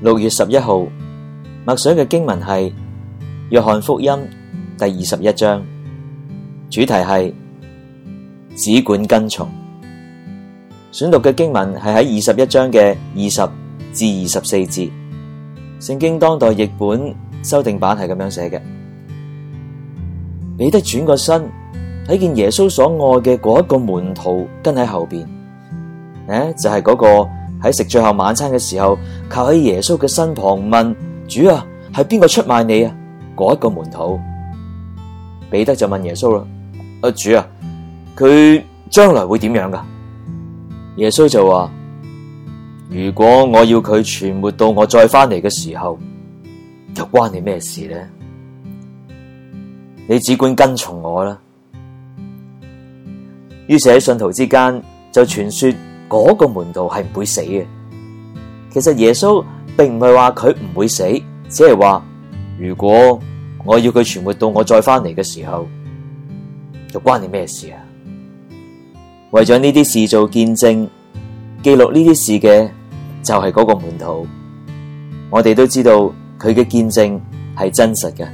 六月十一號默想嘅經文係《約翰福音》第二十一章，主題係只管跟從。選讀嘅經文係喺二十一章嘅二十至二十四節，《聖經當代譯本修訂版》係咁樣寫嘅：彼得轉個身，睇見耶穌所愛嘅嗰一個門徒跟喺後邊，誒，就係嗰個。喺食最後晚餐嘅時候，靠喺耶穌嘅身旁問主啊，係邊個出賣你啊？嗰、那、一個門徒彼得就問耶穌啦：，啊主啊，佢將來會點樣噶、啊？耶穌就話：如果我要佢存活到我再翻嚟嘅時候，就關你咩事呢？你只管跟從我啦。於是喺信徒之間就傳說。嗰個門徒係唔會死嘅。其實耶穌並唔係話佢唔會死，只係話如果我要佢存活到我再翻嚟嘅時候，就關你咩事啊？為咗呢啲事做見證、記錄呢啲事嘅就係、是、嗰個門徒。我哋都知道佢嘅見證係真實嘅。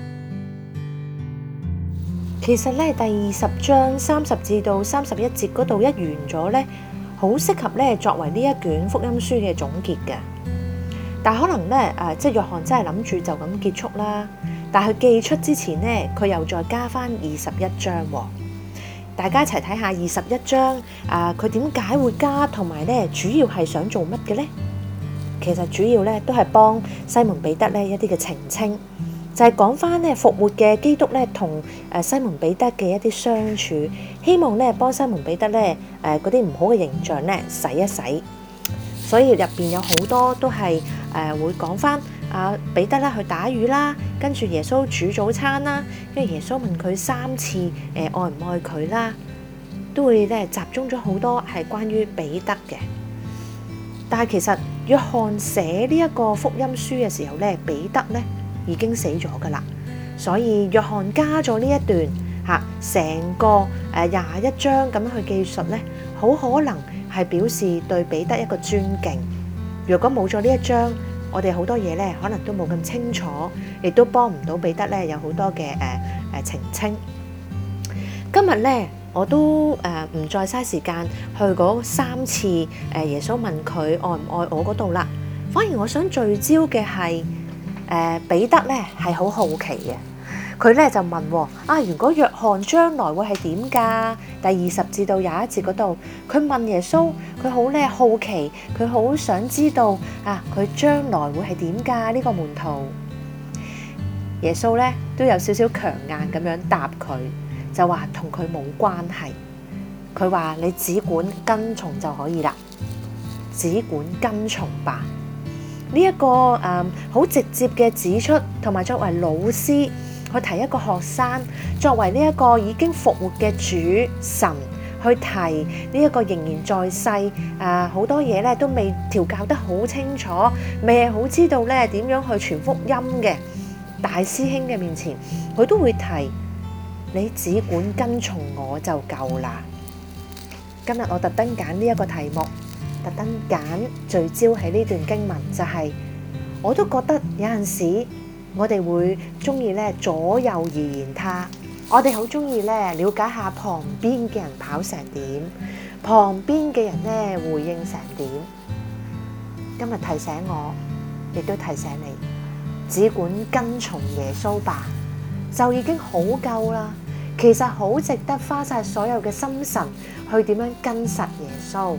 其實咧，第二十章三十至到三十一節嗰度一完咗咧。好適合咧作為呢一卷福音書嘅總結嘅，但可能咧誒、呃，即係約翰真係諗住就咁結束啦。但係佢寄出之前呢，佢又再加返二十一章，哦。大家一齊睇下二十一章啊，佢點解會加，同埋呢主要係想做乜嘅呢？其實主要呢都係幫西門彼得呢一啲嘅澄清。就係講翻咧復活嘅基督咧，同誒西蒙·彼得嘅一啲相處，希望咧幫西蒙·彼得咧誒嗰啲唔好嘅形象咧洗一洗。所以入邊有好多都係誒會講翻啊彼得啦去打魚啦，跟住耶穌煮早餐啦，因為耶穌問佢三次誒愛唔愛佢啦，都會咧集中咗好多係關於彼得嘅。但係其實約翰寫呢一個福音書嘅時候咧，彼得咧。已經死咗噶啦，所以約翰加咗呢一段吓，成個誒廿一章咁樣去記述咧，好可能係表示對彼得一個尊敬。如果冇咗呢一章，我哋好多嘢咧可能都冇咁清楚，亦都幫唔到彼得咧有好多嘅誒誒澄清。今日咧我都誒唔再嘥時間去嗰三次誒耶穌問佢愛唔愛我嗰度啦，反而我想聚焦嘅係。誒、呃，彼得呢係好好奇嘅，佢呢就問：啊，如果約翰將來會係點噶？第二十至到廿一節嗰度，佢問耶穌，佢好呢好奇，佢好想知道啊，佢將來會係點噶？呢、這個門徒，耶穌呢都有少少強硬咁樣答佢，就話同佢冇關係，佢話你只管跟從就可以啦，只管跟從吧。呢一、這個誒好、嗯、直接嘅指出，同埋作為老師去提一個學生，作為呢一個已經復活嘅主神去提呢一個仍然在世誒好、呃、多嘢咧都未調教得好清楚，未好知道咧點樣去傳福音嘅大師兄嘅面前，佢都會提你只管跟從我就夠啦。今日我特登揀呢一個題目。特登揀聚焦喺呢段經文，就係、係、我都覺得有陣時我哋會中意咧左右而言他，我哋好中意咧了解下旁邊嘅人跑成點，旁邊嘅人咧回應成點。今日提醒我，亦都提醒你，只管跟從耶穌吧，就已經好夠啦。其實好值得花晒所有嘅心神去點樣跟實耶穌。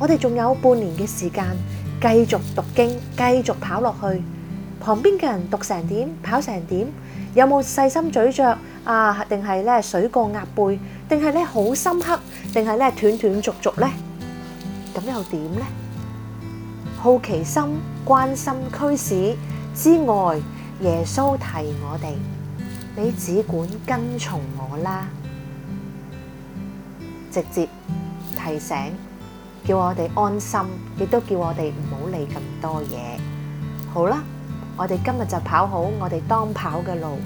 我哋仲有半年嘅時間，繼續讀經，繼續跑落去。旁邊嘅人讀成點，跑成點，有冇細心咀嚼啊？定係咧水過鴨背，定係咧好深刻，定係咧斷斷續續咧？咁又點咧？好奇心、關心驅使之外，耶穌提我哋：你只管跟從我啦，直接提醒。叫我哋安心，亦都叫我哋唔好理咁多嘢。好啦，我哋今日就跑好我哋當跑嘅路，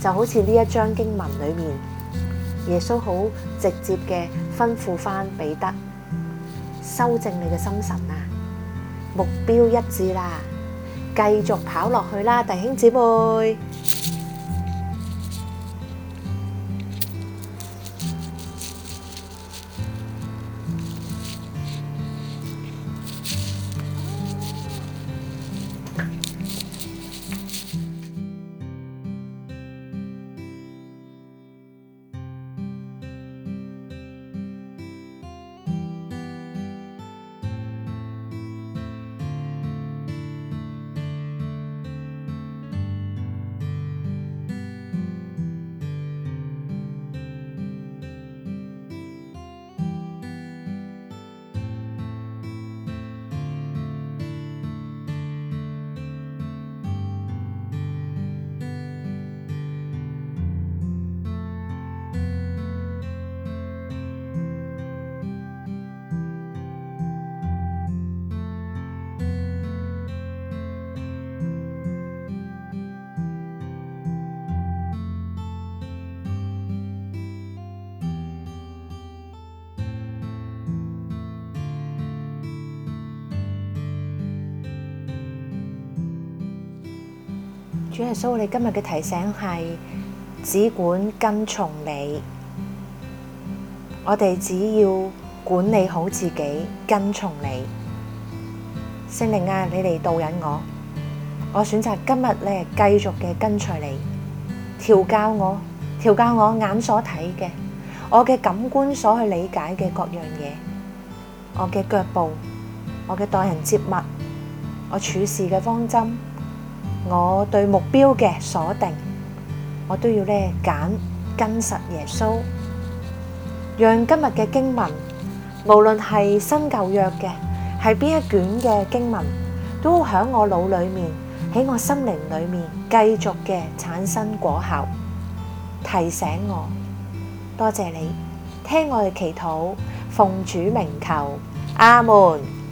就好似呢一章經文裏面，耶穌好直接嘅吩咐翻彼得，修正你嘅心神啊，目標一致啦，繼續跑落去啦，弟兄姊妹。主耶穌，你今日嘅提醒係只管跟從你，我哋只要管理好自己，跟從你。聖靈啊，你嚟導引我，我選擇今日呢繼續嘅跟隨你，調教我，調教我眼所睇嘅，我嘅感官所去理解嘅各樣嘢，我嘅腳步，我嘅待人接物，我處事嘅方針。我對目標嘅鎖定，我都要咧揀跟實耶穌，讓今日嘅經文，無論係新舊約嘅，係邊一卷嘅經文，都響我腦裏面，喺我心靈裏面繼續嘅產生果效，提醒我。多謝你聽我嘅祈禱，奉主名求，阿門。